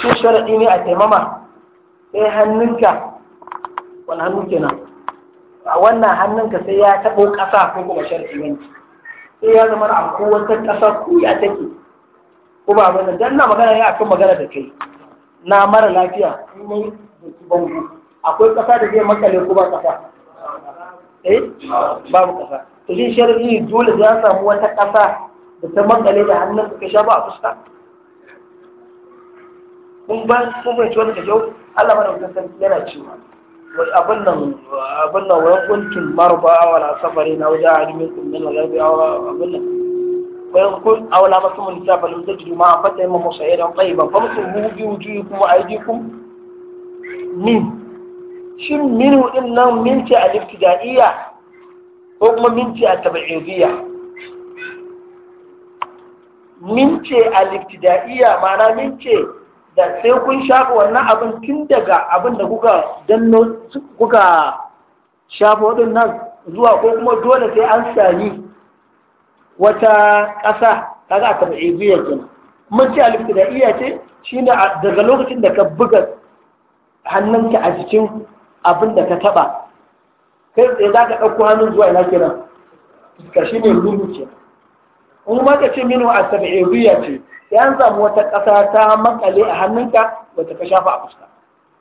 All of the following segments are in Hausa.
shi sharaɗi ne a taimama sai hannunka wani hannu kenan a wannan hannunka sai ya taɓo ƙasa ko kuma sharaɗi ne sai ya zama a kowace ƙasa ya take ko ba wani dan na magana ne akan magana da kai na mara lafiya ne bangu akwai ƙasa da zai makale ko ba ƙasa eh babu ƙasa to shi sharaɗi dole ya samu wata ƙasa da ta makale da hannunka ka sha ba a fuska kun ba kun ba ci wani da kyau Allah mana wajen sarki yana cewa wai abin nan abin nan wai kuntum marba awala safari na wajen alimin kun min lalabi awa abin nan wai kun awala masu mun ta balin da juma fata yi mamu sa'idan tsayiban fa musu hubi wujuyi kuma aidikum min shin min din nan minti a liftidaiya ko kuma minti a tabi'idiyya min ce a liftidaiya ma'ana min ce da sai kun shafa wannan abin tun daga abin da kuka danno kuka shafa nan zuwa ko kuma dole sai an sami wata ƙasa ta a tabi'idiyya kenan mun ce iya ce shine daga lokacin da ka buga hannunka a jikin abin da ka taba kai tsaye za ka ɗauko hannun zuwa ina kenan shi ne rubu ce. in ma ka ce minu a ce ya an samu wata ƙasa ta makale a hannunka wata ka shafa a fuska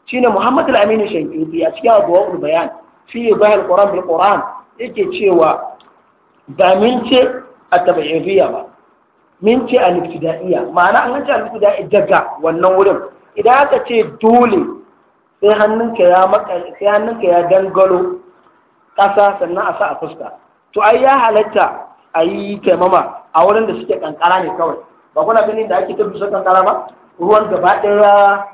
shine Muhammad al-Amin Shankiti a cikin Adwaul Bayan fi bayan Quran bil Quran yake cewa ba min ce a tabi'iriya ba min ce a ibtida'iyya ma'ana an ce a ibtida'iyya daga wannan wurin idan aka ce dole sai hannunka ya makale dangalo ƙasa sannan a sa a fuska to ai ya halatta a yi taimama a wurin da suke kankara ne kawai ba kuna ganin da ake ta dusar kankara ba ruwan gaba ɗaya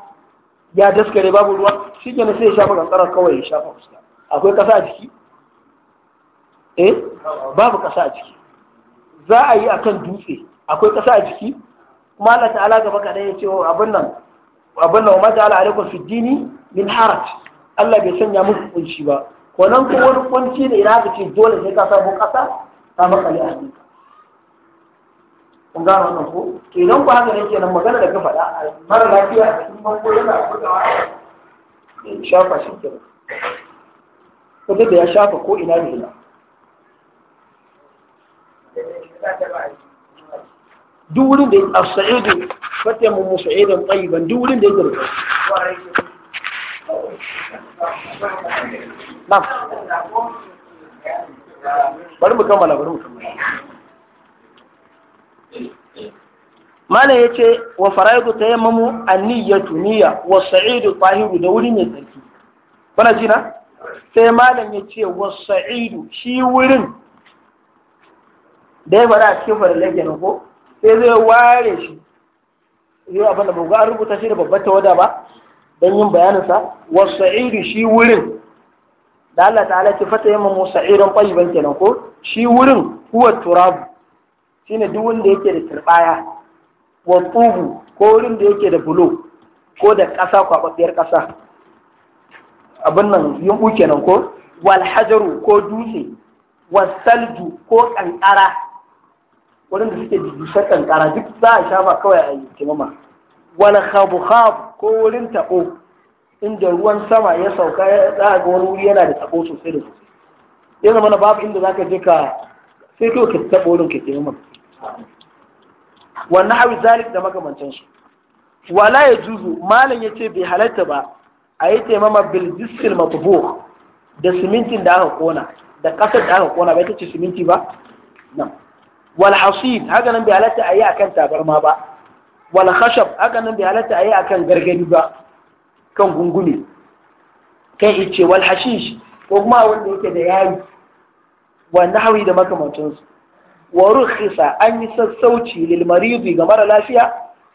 ya daskare babu ruwa shi ke sai ya shafa kankara kawai ya shafa fuska akwai ƙasa a ciki eh babu ƙasa a ciki za a yi akan dutse akwai ƙasa a ciki kuma Allah ta'ala gaba ka ya ce abin nan abin nan mata ala alaikum fi dini min haraj Allah bai sanya muku kunci ba Ko nan ko wani kunci da ina ka ce dole sai ka samu ƙasa ta makale a kun gano wannan ko kenan ku haka ne nan magana da ka faɗa mara lafiya a cikin bango yana bugawa ya shafa shi kenan ko da ya shafa ko ina ne ina duk wurin da a sa'idu fata mu mu sa'idan tayyiban duk wurin da ya girka na bari mu kammala bari mu kammala malam ya ce wa fara'idu ta yi a niyyar tuniya wa sa'idu tahiru da wuri mai tsarki kuna ji na sai malam ya ce wa sa'idu shi wurin da ya fara a cikin lagya na ko sai zai ware shi yau abin da bugu an rubuta shi da babbar tawada ba don yin bayaninsa wa sa'idu shi wurin da Allah ta'ala ce fata yammamu sa'idan ƙwayiban kenan ko shi wurin kuwa turabu shine duk wanda yake da turbaya wa tubu ko wurin da yake da bulo ko da ƙasa kwaɓaɓɓiyar ƙasa abin nan yumɓu kenan ko wal ko dutse wasalju ko ƙanƙara wurin da suke dusar ƙanƙara duk za a shafa kawai a yi kimama wal khabu ko wurin taɓo inda ruwan sama ya sauka za a ga wani wuri yana da taɓo sosai da sosai ya zama babu inda zaka ka je ka sai kawai ka taɓo wurin ka kimama wannan hawi zalik da makamantan shi wala ya juzu malam ya ce bai halatta ba a yi taimama bil jiskil mafubo da simintin da aka kona da kasar da aka kona bai ta ce siminti ba nan wal hasid haka nan bai halatta a yi akan tabarma ba wal khashab haka nan bai halatta a yi akan gargadi ba kan gungume kan ice wal hashish ko kuma wanda yake da yayi Wannan hawi da makamantansu wa rukhisa an yi sassauci lil maridi ga mara lafiya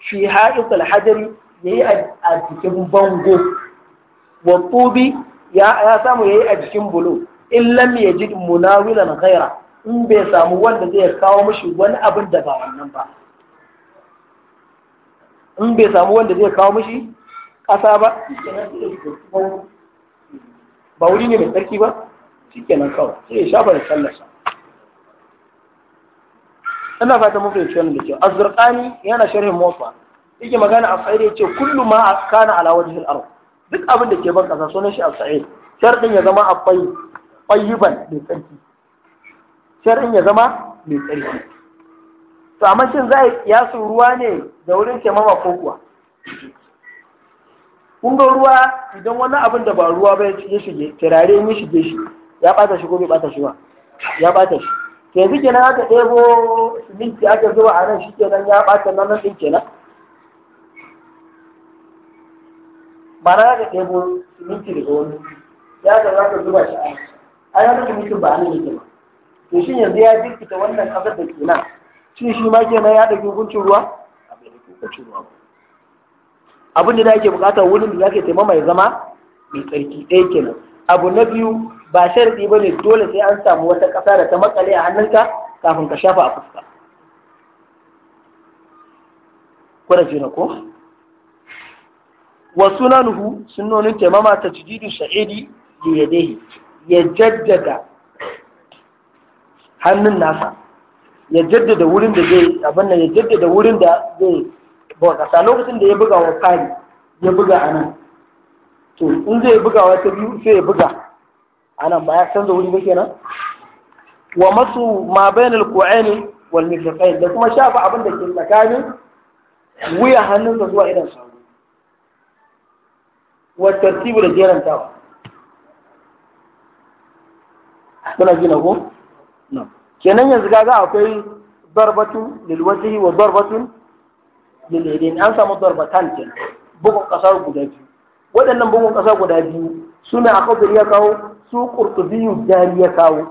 fi ha'id al ya yayi a jikin bango wa tubi ya ya samu yayi a jikin bulo in lam yajid munawilan ghaira in bai samu wanda zai kawo mishi wani abin da ba wannan ba in bai samu wanda zai kawo mishi ƙasa ba ba wuri ne mai tsarki ba shikenan kawai sai ya shafa da sallarsa ina fata mun fahimci wannan da kyau azurqani yana sharhin motsa yake magana a sa'id yace kullu ma kana ala wajhil ard duk abin da ke ban kasa sunan shi a sa'id sharɗin ya zama akwai qayyiban mai tsarki sharɗin ya zama mai tsarki to amma shin za a yasu ruwa ne da wurin kemama ko kuwa kun ga ruwa idan wani abin da ba ruwa ba ya shige turare ne shige shi ya bata shi ko bai bata shi ba ya bata shi ke yanzu kenan aka ɗebo siminti aka zuba a nan shi kenan ya ɓata nan nan ɗin kenan ba na aka ɗebo siminti daga wani ya ga za ka zuba shi a nan simintin ba a nan yake ba to shi yanzu ya jirkita wannan ƙasar da ke nan shi shi ma kenan ya ɗauki hukuncin ruwa a bai ɗauki hukuncin ruwa ba abin da ake bukata wurin da za ka taimama ya zama mai tsarki ɗaya kenan abu na biyu ba sharadi ba ne dole sai an samu wata ƙasa da ta makale a hannunka kafin ka shafa a fuska kwaraje na ko wa sunanuhu sunnonin taimama ta jididu sha'idi da yadehi ya jaddada hannun nasa ya jaddada wurin da zai abin nan ya jaddada wurin da zai bawa ƙasa lokacin da ya buga wa fari ya buga a nan to in zai buga wa ta biyu sai ya buga anan baya ya canza wuri ba kenan wa masu ma bainal ku'aini wal mifaqain da kuma shafa abin da ke tsakanin wuya hannunsa zuwa idan sawu wa tartibu da jerantawa kuna gina ko kenan yanzu kaga akwai darbatun lil wajhi wa darbatun lil yadayn an samu darbatan kenan bugun kasar guda biyu waɗannan bugun kasar guda biyu suna a kafin ya kawo su ƙurtubiyu dari ya kawo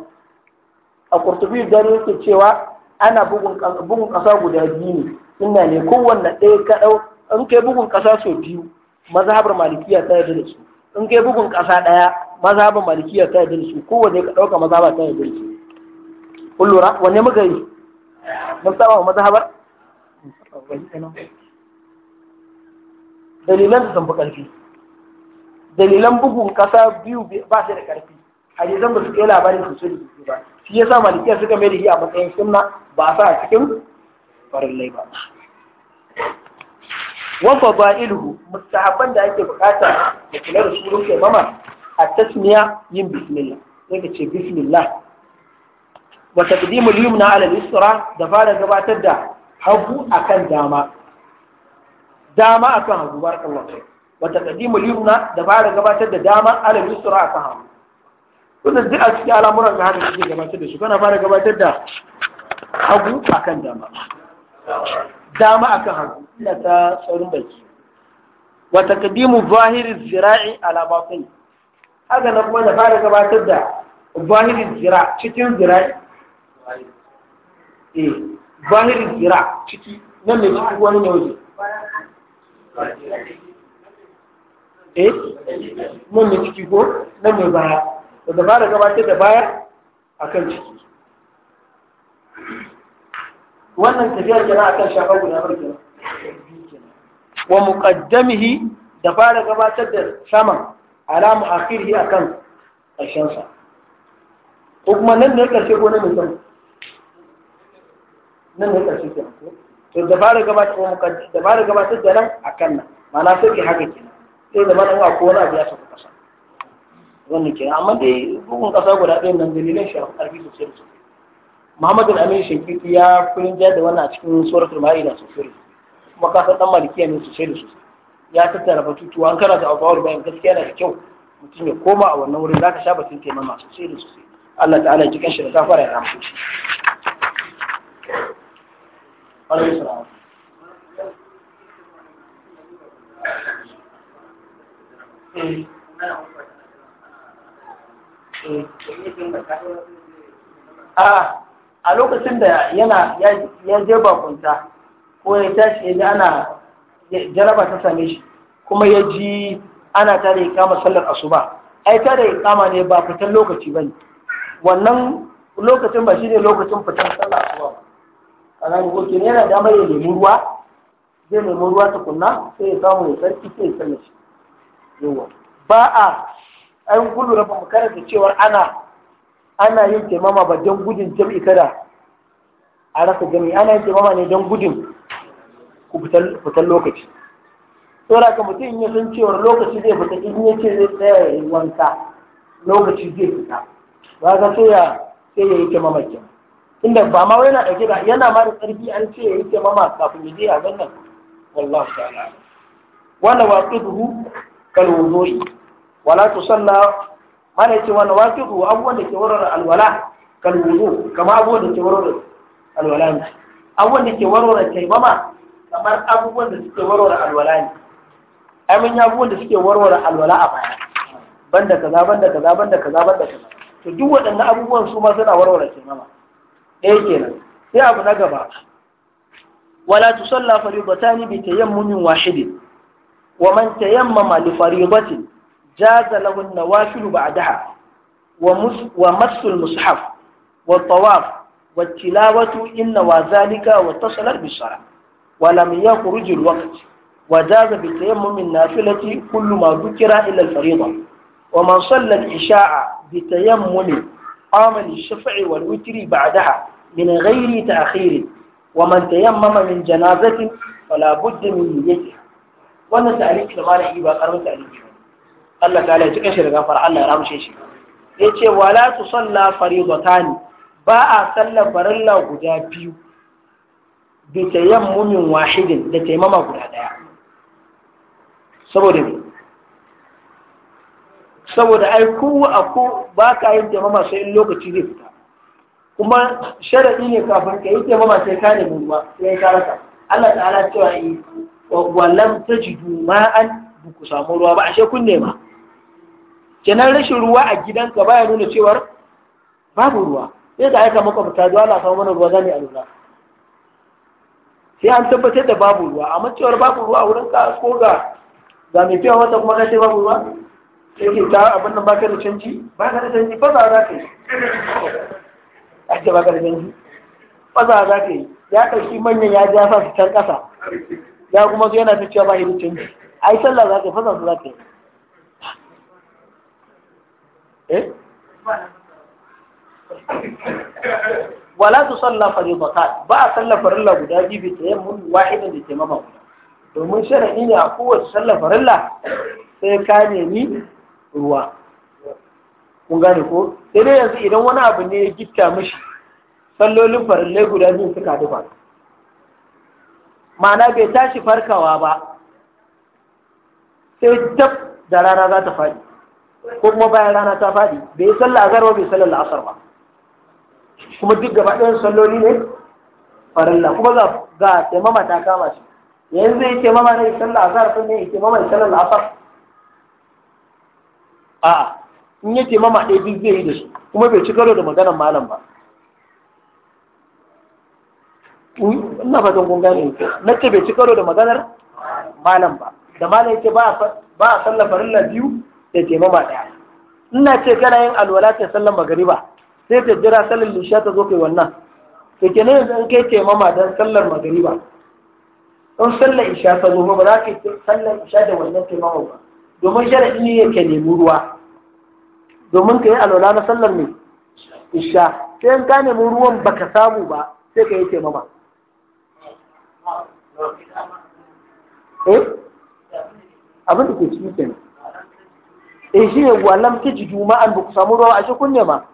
a ƙurtubiyu dari yake cewa ana bugun ƙasa guda biyu ne ina ne kowanne ɗaya ka ɗau in kai bugun ƙasa sau biyu mazhabar malikiya ta yarda da su in kai bugun ƙasa ɗaya mazhabar malikiya ta yarda da su kowanne ka ɗauka mazhabar ta yarda da su kun lura wanne muka yi mun saba wa mazhabar dalilan su sun fi ƙarfi dalilan bugun kasa biyu ba da karfi hadisan ba su kai labarin sosai da sosai ba shi yasa malikiya suka mai da shi a matsayin sunna ba sa a cikin farillai ba wa fadailuhu da ake bukata da kula da surun kaimama a tasmiya yin bismillah sai ka ce bismillah wa taqdimul yumna ala al-yusra da fara gabatar da hagu akan dama dama akan hagu barakallahu wa taqdimul yumna da fara gabatar da dama ala yusra aka hawo wannan duk a cikin al'amuran da haka kake gabatar da shi kana fara gabatar da hagu akan dama dama akan hagu ina ta tsarin baki wa taqdimu zahiri zira'i ala batin haka na kuma da fara gabatar da zahiri zira cikin zira'i eh zahiri zira ciki nan ne wani ne waje eh nan ne ciki ko nan ne baya da fara gabatar da baya akan ciki wannan tafiyar kenan akan shafa guda bar kenan wa muqaddamihi da fara gabatar da sama ala muakhirhi akan ƙarshen sa ko kuma nan ne karshe ko nan ne sama nan ne karshe ko to da fara gabatar da muqaddam da fara gabatar da nan akan nan ma'ana sai haka kenan sai da mana ko wani abu ya saka kasa wannan ke amma dai bugun kasa guda ɗaya nan dalilan shi a ƙarfi sosai da sosai Muhammadu Amin Shinkiti ya kullum jayar da wannan a cikin suratul Ma'ida sosai kuma ka san dan malikiya ne sosai da sosai ya tattara batutuwa an karanta alfawar bayan gaskiya na da kyau mutum ya koma a wannan wurin zaka sha batun taimama sosai da sosai Allah ta'ala ya cikin shi da safara ya rahmu shi. ya salam. a lokacin da yana ya je bakunta ko ya tashi ya ji ana jaraba ta same shi kuma ya ji ana tare ya kama sallar asuba ai tare ya kama ne ba fitan lokaci ba ne wannan lokacin ba shi ne lokacin fitan sallar asuba kana ko kokin yana damar ya nemi ruwa zai nemi ruwa tukunna sai ya samu ya sarki sai ya sallar shi yawa ba a an gudu na bamu da cewar ana ana yin taimama ba don gudun jam'i kada a rasa jami'i ana yin taimama ne don gudun ku fitar lokaci tsora ka mutum ya san cewar lokaci zai fita in ya ce zai tsaya ya yi wanka lokaci zai fita ba ka so ya sai ya yi taimama kenan inda ba ma yana ɗauke da yana ma da tsarki an ce ya yi taimama kafin ya je a gannan wallahu ta'ala wala waqiduhu kal wala tusalla mana ce wannan waqifu abubuwan da ke warware alwala kal kama abubuwan da ke warware alwala ne abubuwan da ke warware taimama kamar abubuwan da suke warware alwala ne ai mun abubuwan da suke warware alwala a baya banda kaza banda kaza banda kaza banda kaza to duk waɗannan abubuwan su ma suna warware taimama ɗaya kenan sai abu na gaba wala tusalla faridatani bi tayammumin wahidin ومن تيمم لفريضة جاز له النوافل بعدها ومس المصحف والطواف والتلاوة إن وذلك واتصلت بالصلاة ولم يخرج الوقت وجاز بتيمم النافلة كل ما ذكر إلا الفريضة ومن صلى العشاء بتيمم عمل الشفع والوتر بعدها من غير تأخير ومن تيمم من جنازة فلا بد من نيته wannan ta'aliki da malam ba karamin ta'aliki ba Allah ta ya cikin shi da gafara Allah ya ramushe shi ya ce la tu salla faridatani ba a sallar farilla guda biyu bi tayammumin wahidin da taimama guda daya saboda ne saboda ai ku a ku ba ka yin taimama sai in lokaci zai fita kuma sharaɗi ne kafin ka yi taimama sai ka nemi ruwa sai ka rasa Allah ta'ala cewa yi Wallan tajidu ma'an ba ku samu ruwa ba ashe kun nema kenan rashin ruwa a gidanka baya nuna cewar babu ruwa sai ka aika fita zuwa na samu mana ruwa zane a lura sai an tabbatar da babu ruwa amma cewar babu ruwa a wurin ka ko ga ga mai fiya wata kuma kashe babu ruwa sai ke ta abin nan baka da canji baka da canji ba za ka yi ake baka da canji ba za ka yi ya ɗauki manyan ya ja sa su can ƙasa ya kuma zo yana ta cewa ba irin canji yi sallah za ka fasa su za ka yi eh wala su sallah fari ba a sallar la guda biyu bi mun wahidin da taimama guda domin sharadi ne a kowace sallar la sai ka nemi ruwa kun gane ko sai dai yanzu idan wani abu ne ya gitta mishi sallolin farillai guda biyu suka dufa ma'ana bai tashi farkawa ba sai dab da rana za ta faɗi ko kuma bayan rana ta faɗi bai sallah a garwa bai sallar la'asar ba kuma duk gaba ɗayan salloli ne farilla kuma ga ga taimama ta kama shi yanzu ya taimama ne sallah a zarafin ne ya taimama ya sallar la'asar a'a in ya taimama ɗaya duk zai yi da shi kuma bai ci karo da maganar malam ba ina fatan kun gane na ce bai ci karo da maganar malam ba da malam yake ba a sallar farilla biyu da taimama daya ina ce kana yin alwala ta sallar magariba sai ta jira sallar lisha ta zo kai wannan to ke yanzu in kai taimama don sallar magariba in sallar isha ta zo ba za ka yi sallar isha da wannan mama ba domin sharaɗi ne yake nemi ruwa domin ka yi alwala na sallar mai isha sai in ka nemi ruwan baka samu ba sai ka yi taimama eh abin da ke cikin kenan eh shi ne walam muke ji juma'an ba ku samu ruwa a shi kun nema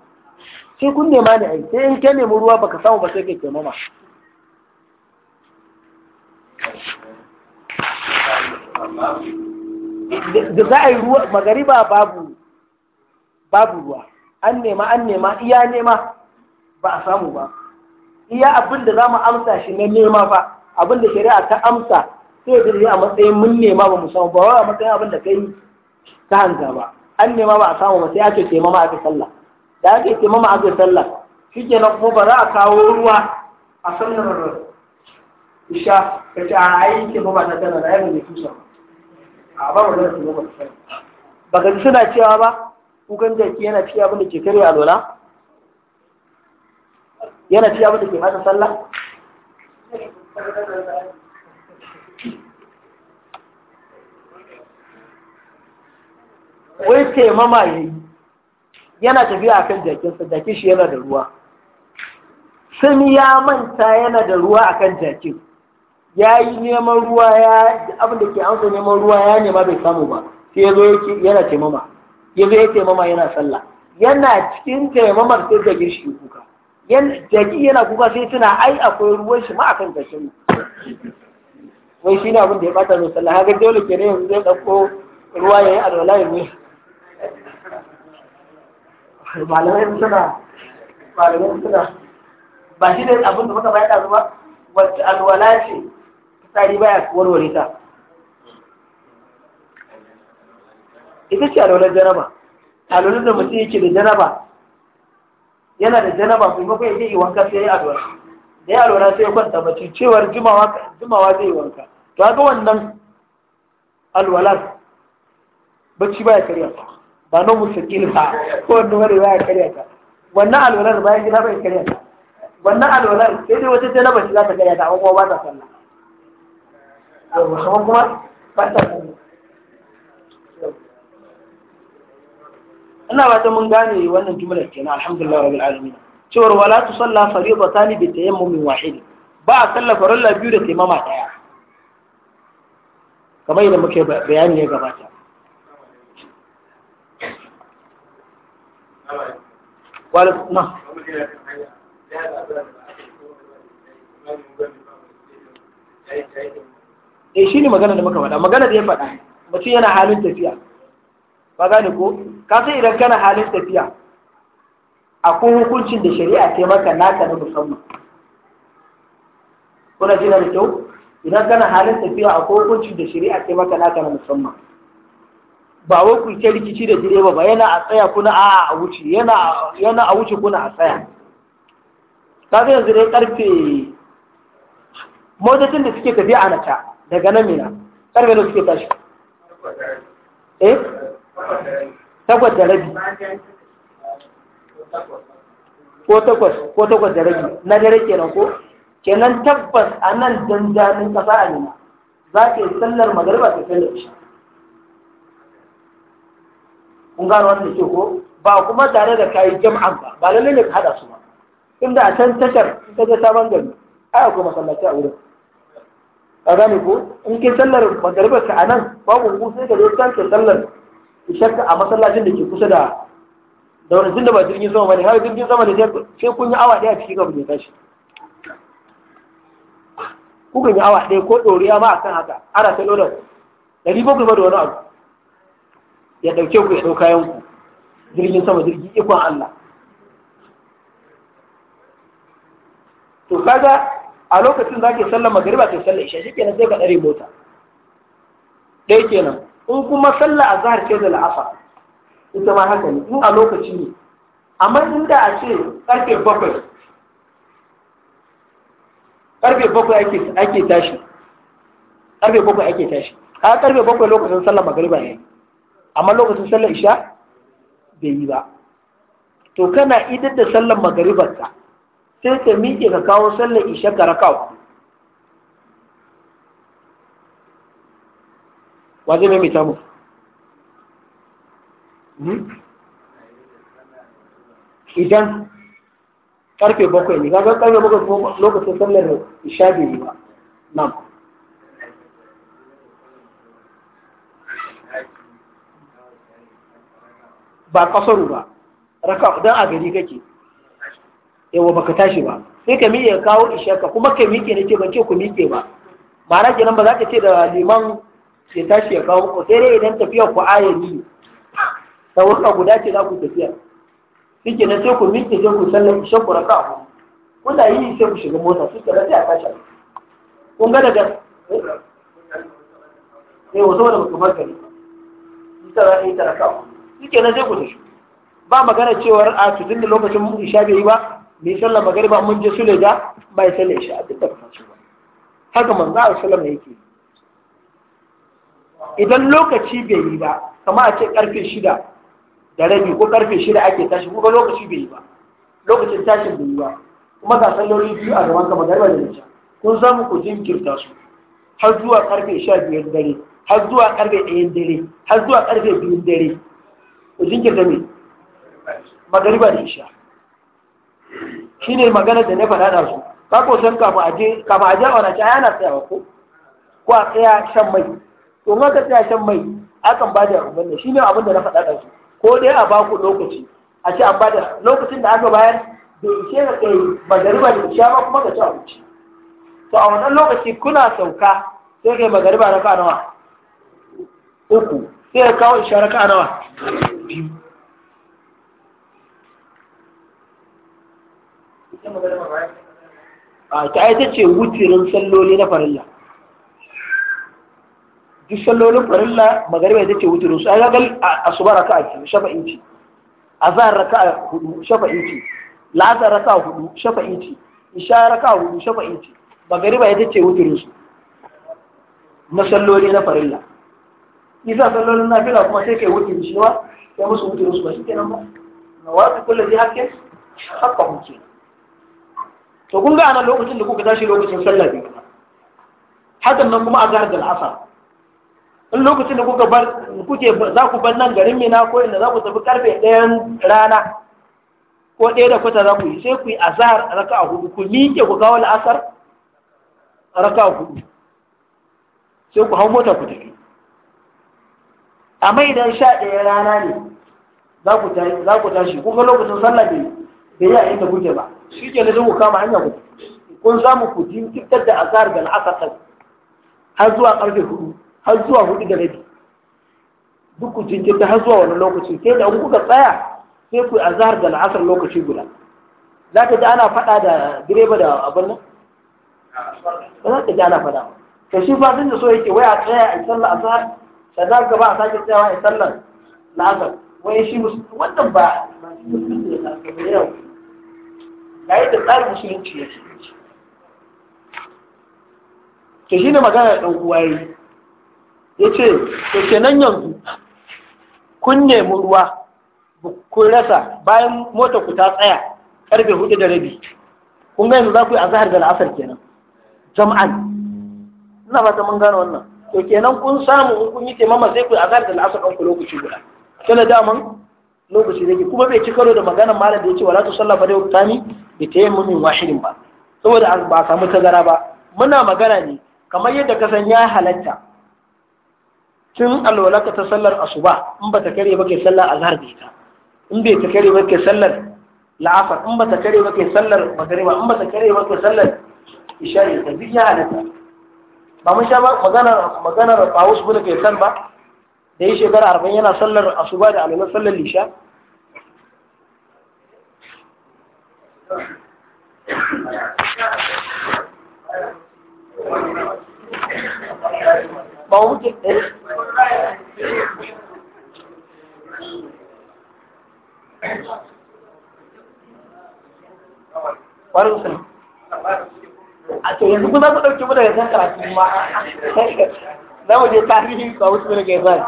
sai kun nema ne ai sai in ke nemi ruwa baka samu ba sai kai ke mama da za a yi ruwa magariba babu babu ruwa an nema an nema iya nema ba a samu ba iya abin da za mu amsa shi na nema ba abin da shari'a ta amsa sai da a matsayin mun nema ba mu samu ba a matsayin abin da kai ka hanta ba an nema ba a samu ba sai ake taimama aka sallah da ake taimama aka sallah shi ke na kuma ba za a kawo ruwa a sallar isha ka ce a ayi ke ba na tana da ayyuka da tusa a ba ba za su ba ba ka ji suna cewa ba kukan jaki yana ci abin da ke karya lola, yana ci abin da ke mata sallah wai taimama ya yi yana tafiya akan jakinsa jakin shi yana da ruwa sun ya manta yana da ruwa akan jakin ya yi neman ruwa ya abin da ke amsa neman ruwa ya nema bai samu ba sai ya zo yana taimama ya zo ya taimama yana sallah yana cikin taimamar sai da girshi kuka jaki yana kuka sai tuna ai akwai ruwan shi ma akan gashin wai shi ne abin da ya bata mai sallah haka dole ke ne yanzu zai ɗauko ruwa ya yi alwala ya ne? malamai suna malamai suna ba shi ne abin da muka bayyana zuwa wacce alwala ce tsari baya warware ta ita ce alwalar jaraba alwalar da mutum yake da jaraba yana da janaba su mafi zai yi wanka sai ya alwala da ya alwala sai ya kwanta bacci cewar jimawa zai yi wanka to ga wannan alwalar bacci baya karya ta ba na musakil ba ko wanda wani baya karya ta wannan alwalar bayan gida bai karya ta wannan alwalar sai dai wata janaba shi za ta karya ta amma ba ta sallah. Yau, kuma ba ta sallah. ina ba ta mun gane wannan jumlar na alhamdulillah rabbil alamin cewar wala tusalla fariidatan bi tayammumin wahid ba a salla farilla biyu da taimama daya kamar yadda muke bayani ya gabata na eh shi ne magana da muka faɗa magana da ya faɗa mutum yana halin tafiya ka gane ko ka san idan kana halin tafiya akwai hukuncin da shari'a ke maka naka na musamman kuna jina da kyau idan kana halin tafiya akwai hukuncin da shari'a ke maka naka na musamman ba wai ku ke rikici da direba ba yana a tsaya kuna a a wuce yana a wuce kuna a tsaya Ta ga yanzu dai karfe motocin da suke tafiya a nata daga nan mina karfe da suke tashi eh takwas da rabi ko takwas ko takwas da rabi na dare kenan ko kenan tabbas a nan dandanin kasa a nema za ka yi sallar magariba ta sallar shi kun gano wannan ke ko ba kuma tare da kayi jam'an ba ba lalle ne ka hada su ba inda a can tashar ta ga sabon gari ai akwai masallaci a wurin ka gane ko in ke sallar magariba ka a nan babu ku sai ka zo can ka sallar shakka a masallacin da ke kusa da daurin tun da ba jirgin sama ba ne har jirgin sama da sai kun yi awa ɗaya cikin kafin ya tashi kukan yi awa ɗaya ko ɗoriya ma a kan haka ana ta ɗorar ɗari bakwai ba da wani abu ya ɗauke ku ya ɗau kayan ku jirgin sama jirgin ikon Allah to kaga a lokacin za ke sallar magariba ke sallar isha shi kenan sai ka ɗare mota ɗaya kenan in kuma sallah a zahar ce da la'asar ita ma haka ne in a lokaci ne amma inda a ce karfe bakwai karfe bakwai ake tashi karfe bakwai ake tashi a karfe bakwai lokacin sallah magariba ne amma lokacin sallah isha bai yi ba to kana idar da sallah magaribarka sai ka miƙe ka kawo sallah isha ka rakawa wa zai maimaita mu hmm? idan karfe bakwai ne kaga karfe bakwai lokacin sallar isha bai yi ba nan ba kasaru ba raka dan a gari kake yawa baka tashi ba sai ka miƙe kawo isha ka kuma ka miƙe ce ban ce ku miƙe ba ma'ana kenan ba za ka ce da liman sai tashi ya kawo ku sai dai idan tafiyar ku ayani ta guda ce za ku tafiya shike na sai ku miƙe sai ku sallar ishe ku raka ku kuna yi sai ku shiga mota suke na sai a tashi kun ga daga Sai eh, wato da mutum barka ne ita za yi ta raka eh, ku shike na sai ku tashi ba magana cewar a tutun da lokacin isha bai yi ba mai sallar ba, mun je su da bai sallar isha a duk da ba haka manzo Allah sallallahu alaihi wasallam yake idan lokaci bai yi ba kama a ce karfe shida da rabi ko karfe shida ake tashi kuma lokaci bai yi ba lokacin tashin bai yi ba kuma ga salloli biyu a gaban kama garba da nisha kun zama ku jinkirta su har zuwa karfe sha biyar dare har zuwa karfe ɗayan dare har zuwa karfe biyun dare ku jinkirta me magariba da isha shine magana da na faɗa da su ba ko san kama aje kama aje a wani ta yana tsayawa ko ko a tsaya shan mai to maka ta shan mai akan ba da abin shi ne abin da na faɗa ɗansu ko dai a ba ku lokaci a ce an ba da lokacin da aka bayar da ke ka kai magariba da shi ba kuma ka ci abinci to a wannan lokaci kuna sauka sai kai magariba na ka nawa uku sai ka kawo isha ka nawa biyu a ta ce wutirin salloli na farilla sallolin farilla magariba ita ce wuturu su aga gal asuba raka'a ce shafa'i ce azhar raka'a hudu shafa'i ce la'asar raka'a hudu shafa inci isha raka'a hudu shafa'i ce magariba ya ce wuturu su na salloli na farilla isa sallolin na fila kuma sai kai wuturu shi ba sai musu wuturu su ba shi kenan ba na wasu kullum zai hakke hakka hukke to kun ga ana lokacin da kuka tashi lokacin sallah biyu hakan nan kuma azhar da al'asar in lokacin da kuka bar kuke za ku bar nan garin mina ko inda za ku tafi karfe ɗayan rana ko ɗaya da kwata za ku yi sai ku yi azhar raka a hudu ku miƙe ku kawo la'asar raka a hudu sai ku hau mota ku tafi amma idan sha ɗaya rana ne za ku tashi kuka lokacin sallah bai bai yi a inda kuke ba shi ke nan ku kama hanya ku kun samu ku jinkirtar da azhar ga la'asar har zuwa karfe hudu har zuwa hudu da rabi duk ku jinkirta har zuwa wani lokaci sai da kuka tsaya sai ku azhar da al'asar lokaci guda za ka ji ana faɗa da direba da abin nan ba za ka ji ana faɗa Ka shi fa din da so yake wai a tsaya a sallar za ka ba a sake tsayawa a sallar la'asar wai shi wannan ba musulunci da kafin yau ga yadda tsarin musulunci yake to shi ne magana da ɗan uwa yi ya ce to kenan yanzu kun nemi ruwa kun rasa bayan mota ku ta tsaya karfe hudu da rabi kun gani za ku yi azahar da la'asar kenan jam'an ina ta mun gano wannan to kenan kun samu in kun yi taimama sai ku yi azahar da la'asar kanku lokaci guda kila daman lokaci da ke kuma bai ci karo da maganar malam da ya ce wala tu sallah ba da tani yi mummin wahidin ba saboda ba a samu tazara ba muna magana ne kamar yadda ka san ya halatta tun alwalaka ta sallar asuba in ba ta kare ba ke sallar azhar da ita in bai ta kare ba ke sallar la'afar in ba ta kare ba ke sallar magariba in ba ta kare ba ke sallar isha'i da duk ya halatta ba mun sha ba maganar maganar Tawus bin Kaisan ba da yi shekara 40 yana sallar asuba da alwala sallar isha Thank you. ba mu muke ƙwarin sun a to yanzu kuma za ku ɗauki mu daga san karatu ma za mu je tarihi ba wasu daga yanzu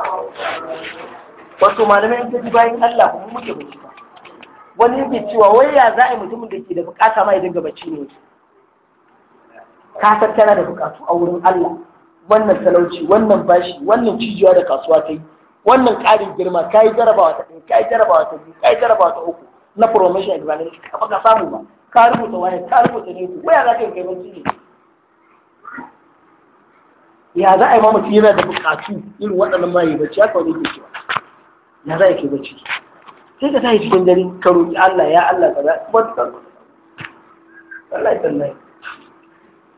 wato malamai ta ji bayan Allah kuma muke ba. wani yake cewa wai ya za a yi mutumin da ke da bukata ma ya dinga bacci ne ka tattara da bukatu a wurin Allah wannan talauci wannan bashi wannan cijiya da kasuwa ta yi wannan ƙarin girma ka yi jarabawa ta ɗaya ka yi jarabawa ta biyu ka yi jarabawa ta uku na promotion examination ka samu ba ka rubuta waya ka rubuta ne ku waya za ka yi kai banci ne ya za a yi mamaki yana da buƙatu irin waɗannan ma yi bacci haka wani ke cewa ya za a yi kai bacci sai ka tashi cikin dare ka roƙi Allah ya Allah ka za ka wata kan Allah ya tallaye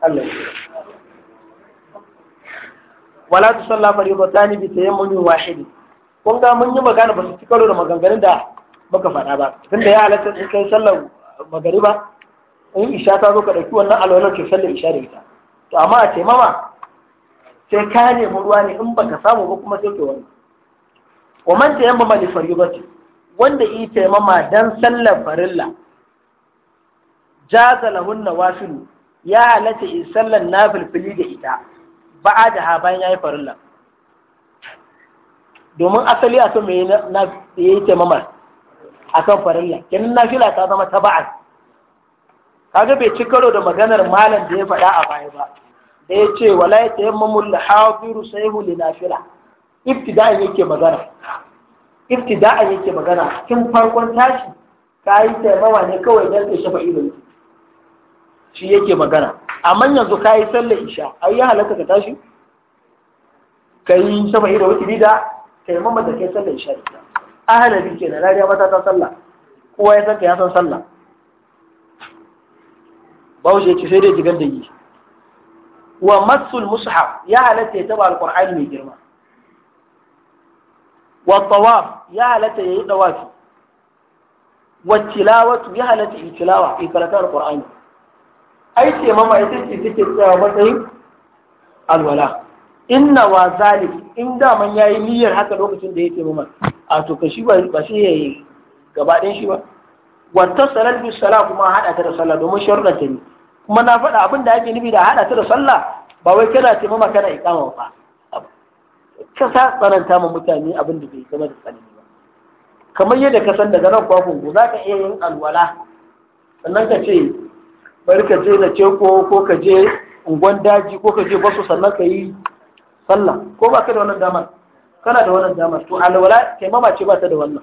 Allah ya tallaye wala tu salla faridatani bi tayammumin wahidi kun ga mun yi magana ba su ci karo da maganganun da muka faɗa ba da ya halatta in kai sallar magariba in isha ta zo ka ɗauki wannan alwalar ke sallar isha da ita to amma a ce mama sai ka nemi ruwa ne in baka samu ba kuma sai ke wani wa man tayammama li faribati wanda yi tayammama dan sallar farilla jaza lahunna nawafilu ya halatta in sallar nafilfili da ita ba'a da ha bayan ya yi nan domin asali a so mai ya yi taimama a kan farilla kenan nafila ta zama ta ba'a kaga bai ci karo da maganar malam da ya faɗa a baya ba da ya ce wala ya taimamul hafiru sahihu li nafila ibtida'an yake magana ibtida'an yake magana tun farkon tashi ka yi mawa ne kawai dan ka shafa ilimi shi yake magana amma yanzu ka yi sallar isha ai ya halatta ka tashi ka yi shafa'i da wuturi da ka yi mamata kai sallar isha da ita ahalabi ke na rariya mata ta sallah kowa ya san ka ya san sallah bawushe ce sai dai jigan da yi wa masul mushaf ya halatta ya taba alqur'ani mai girma wa tawaf ya halatta ya yi dawafi wa tilawatu ya halatta ya tilawa ya karanta alqur'ani ai ce mama ita ce take tsaya matsayin alwala inna wa zalik in daman yayi niyyar haka lokacin da yake mama a to ka shi ba shi yayi gaba ɗin shi ba wata salat bi sala kuma hada ta da sallah domin sharuɗa ta ne kuma na faɗa abin da ake nufi da hada ta da sallah ba wai kana ce mama kana iqama ba ka sa tsananta ma mutane abin da bai zama da tsanani ba kamar yadda ka san daga nan kwakwan ku za ka iya yin alwala sannan ka ce bari ka je na ceko ko ka je unguwan daji ko ka je basu sannan ka yi sallah ko ba ka da wannan damar kana da wannan damar to alwala taimama ce ba ta da wannan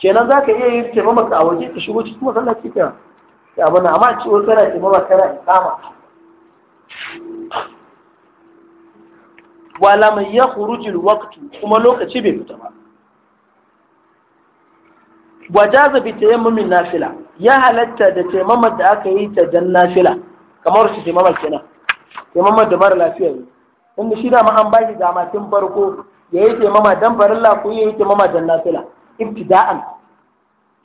kenan za ka iya yin taimama ka a waje ka shigo cikin masallaci ka ya bana amma ciwo kana taimama kana ikama wala mai ya kuruji waqtu kuma lokaci bai fita ba wajaza bi min nafila ya halatta da taimamar da aka yi ta dan nafila kamar su taimamar kenan taimamar da mara lafiya ne inda shi ma an baki dama tun farko ya yi taimama dan barin ko ya yi taimama dan nafila ibtida'an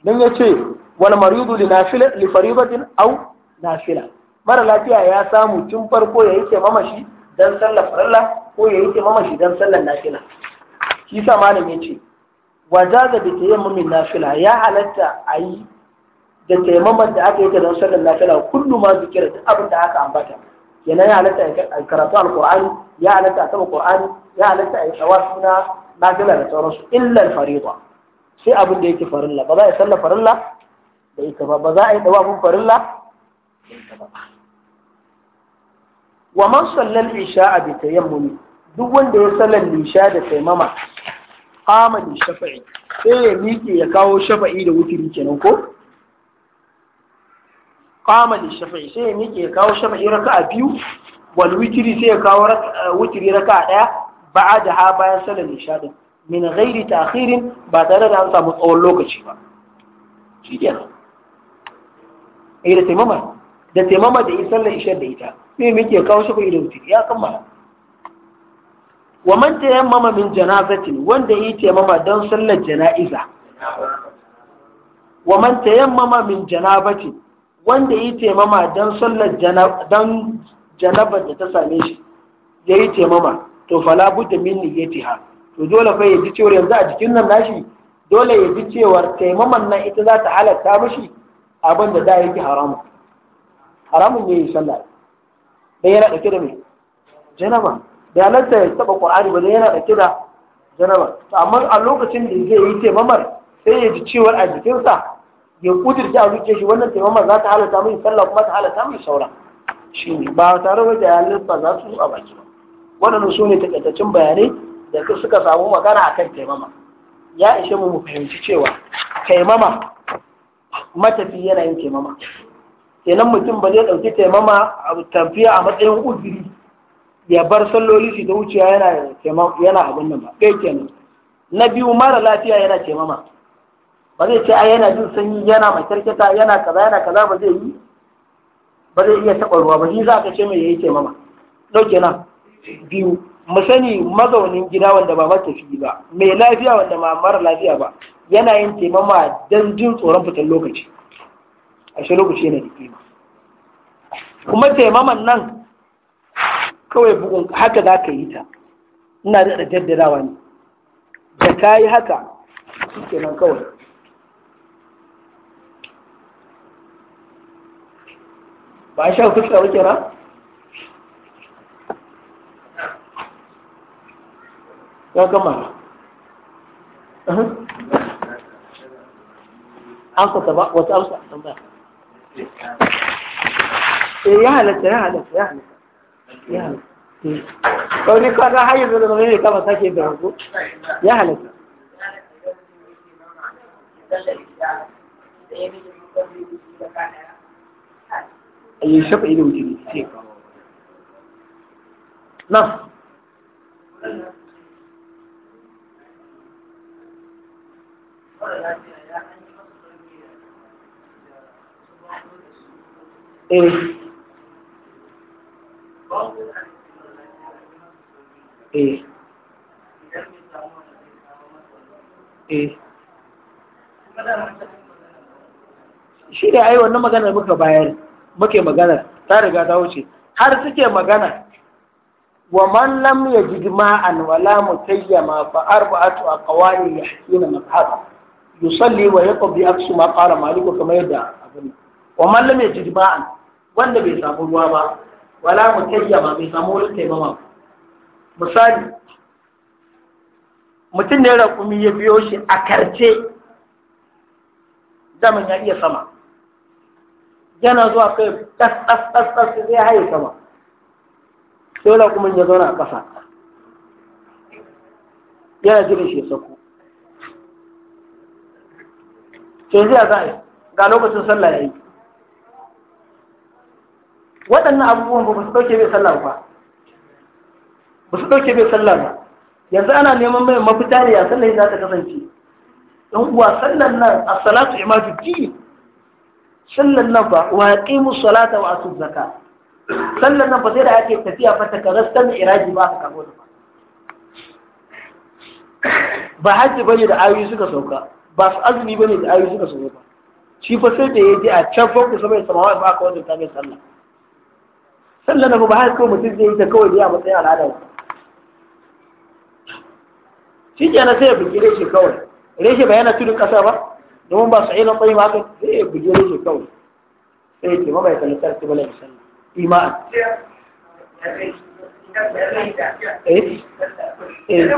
dan ya ce wal maridu li nafila li faridatin aw nafila mara lafiya ya samu tun farko ya yi taimama shi dan sallar farilla ko ya yi taimama shi dan sallar nafila shi sa malam ya ce wajaza da tayammumin nafila ya halatta a yi da taimaman da aka yi ta don sallar lafiya kullu ma zikira duk abin da aka ambata Yana ya halatta a karatu alqur'ani ya halatta a saba qur'ani ya halatta a yi tsawafi na nafila da sauransu illa alfariḍa sai abin da yake farilla ba za a sallar farilla da ita ba ba za a yi dawafin farilla da ita ba wa man sallal isha'a bi tayammumi duk wanda ya sallar lisha da taimama qama li shafa'i sai ya miƙe ya kawo shafa'i da wuturi kenan ko qama li shafi'i sai ya miƙe kawo shafi'i raka'a biyu wal witri sai ya kawo eh, witri raka'a daya ba'da ha bayan salar nishadin min ghairi ta'khirin ba tare da an samu tsawon lokaci ba shikenan eh da taimama da taimama da isar da ishar da ita sai muke kawo shi da wuce ya kammala wa man tayammama min janazatin wanda yi taimama don sallar jana'iza wa man tayammama min janabatin wanda yi taimama don sallar don janabar da ta same shi ya yi taimama to fala ya min ha to dole fa ya ji cewar yanzu a jikin nan nashi dole ya ji cewar taimaman nan ita za ta halatta mashi abin da da yake haramu haramun ne yi sallah da yana dauke da mai janaba da halatta ya taba qur'ani ba da yana dauke da janaba to amma a lokacin da zai yi taimamar sai ya ji cewar a jikinsa ya kudirce a zuciya shi wannan taimama za ta halata mai sallah kuma ta halata mai saura shi ne ba tare da ya ba za su a baki ba waɗannan su ne takaitaccen bayanai da suka samu magana akan taimama ya ishe mu mu fahimci cewa taimama matafi yana yin taimama kenan mutum ba zai ɗauki taimama a tafiya a matsayin uzuri ya bar salloli shi ta wuciya yana abin nan ba kai kenan na biyu mara lafiya yana taimama ba zai ce ai yana jin sanyi yana makirkita yana kaza yana kaza ba zai yi ba zai iya taɓa ruwa ba shi za ka ce mai yayi taimama ɗauke nan biyu mu sani mazaunin gida wanda ba fi ba mai lafiya wanda ba mara lafiya ba yana yin taimama don jin tsoron fitar lokaci a shi lokaci yana da kima kuma taimaman nan kawai bugun haka za ka yi ta ina da jaddadawa ne da ka yi haka shi kenan kawai ba shan fuska ba kenan ya an kusa ba amsa ya halatta ya halatta ya halatta ya halatta kawai ka ga zama ne sake da ya halatta Thank you. a yi da wuce sai eh. Eh. Eh. shi da ai wannan maganar muka bayar muke magana ta riga ta wuce har suke magana wa man lam yajidma an wala mutayyama fa arba'atu aqwali yahkina mabhaba yusalli wa yaqdi aksu ma qala malik kama yadda abin wa man lam yajidma an wanda bai samu ruwa ba wala mutayyama bai samu wurin taimama misali mutum ne raƙumi ya biyo shi a karce daman ya iya sama yana zuwa kai tas tas tas tas sai ya haye sama sai kuma ya zauna a ƙasa yana jiran shi ya sako yanzu ya za'a ga lokacin sallah ya yi waɗannan abubuwan ba su ɗauke bai sallah ba ba su ɗauke bai sallah ba yanzu ana neman mai mafita ne ya sallah za ta kasance don uwa sallan nan a salatu imatu dini صلى النبى واقيم الصلاة وآت الزكاة صلى النبى سيدا يكي تفيا فتك غستا إراج باه كابون بحاجة بني دعاوي سكا سوكا بس أزمي بني دعاوي سكا سوكا شي فسيدا يدي أتشافوك سمي سماوات باه كوان تتاني صلى صلى النبى بحاجة كو مسيدا يدي كو يدي أمتيا على عدو شي جانا سيبكي ليشي كوان ليشي بيانا تلو كسابا domin ba su ilin tsayi haka sai ya guje ne kawai sai ya ce ma bai kalli sarki bala ya san eh? eh.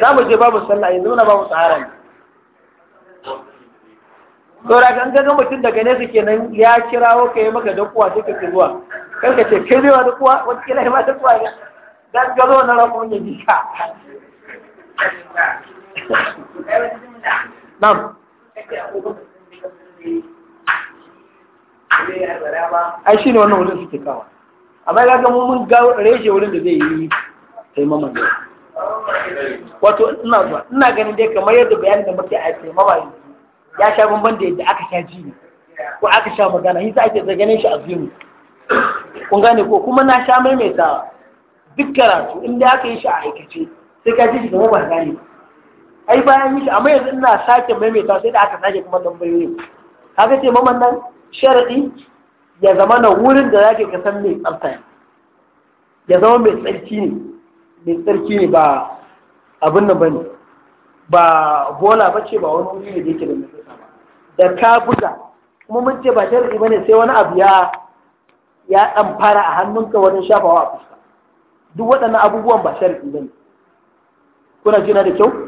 za mu je babu sallah yanzu na babu tsara ne saboda kan ga mutum daga nesa kenan ya kirawo ka yi maka dakuwa sai ka zuwa kar ka ce kai zai wa dakuwa wata kila ya ma dakuwa ya dan gazo na rafa wannan jika ai shi ne wannan wurin suke kawa amma ya ga mun ga reshe wurin da zai yi taimaman da wato ina zuwa ina ganin dai kamar yadda bayanin da muke a taimama ya sha bamban da yadda aka sha ji ko aka sha magana yi sa ake ganin shi a zuwa kun gane ko kuma na sha maimaita duk karatu inda aka yi shi a aikace sai ka ji shi ba gane ai bayan yi amma yanzu ina sake maimaita sai da aka sake kuma tambayoyi kaga ce maman nan sharadi ya zama na wurin da zake ka san mai tsafta ya zama mai tsarki ne mai tsarki ne ba abin nan bane ba bola ba ce ba wani wuri ne da yake da nutsa ba da ka buga kuma mun ce ba sharadi bane sai wani abu ya ya dan fara a hannunka wajen shafawa a fuska duk waɗannan abubuwan ba sharadi bane kuna jina da kyau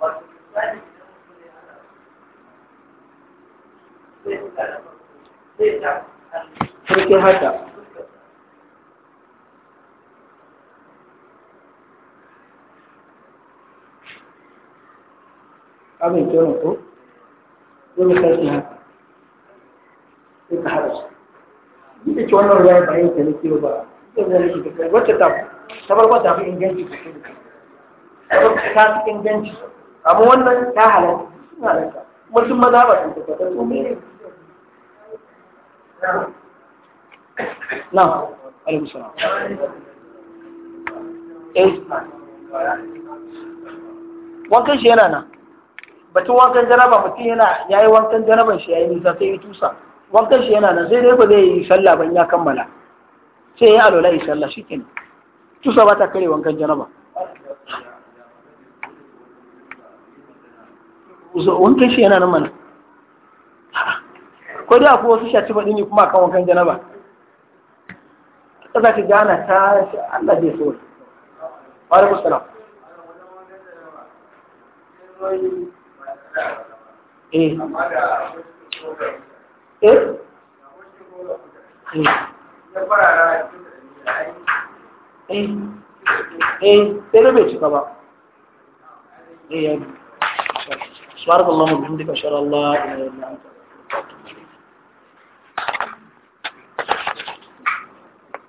Porque hata abin kenan ko dole sai shi haka sai ka hada su ita ce wannan ruwa ba yin ta nake ba ita zai nake ta kai wacce ta ta bar wata fi inganci ta kai ta bar ta fi inganci amma wannan ta halatta sun halatta kuma sun maza ba sun ta to ne na alaikum eh. wankan shi yana nan batun wankan jaraba mutum yana ya yi wankan jaraban shi ya yi nisa sai ya tusa wankan shi yana nan sai dai ba zai yi sallah ban ya kammala sai ya alola yi sallah shikenan tusa ba ta kare wankan jaraba wanke shi yana nan mana ko da kuma wasu shaci faɗi ne kuma akan wankan janaba za ka gana ta Allah bai so wa alaikum salam eh eh eh eh sai bai cika ba eh بارك اللهم وبحمدك أشهد أن لا إله إلا أنت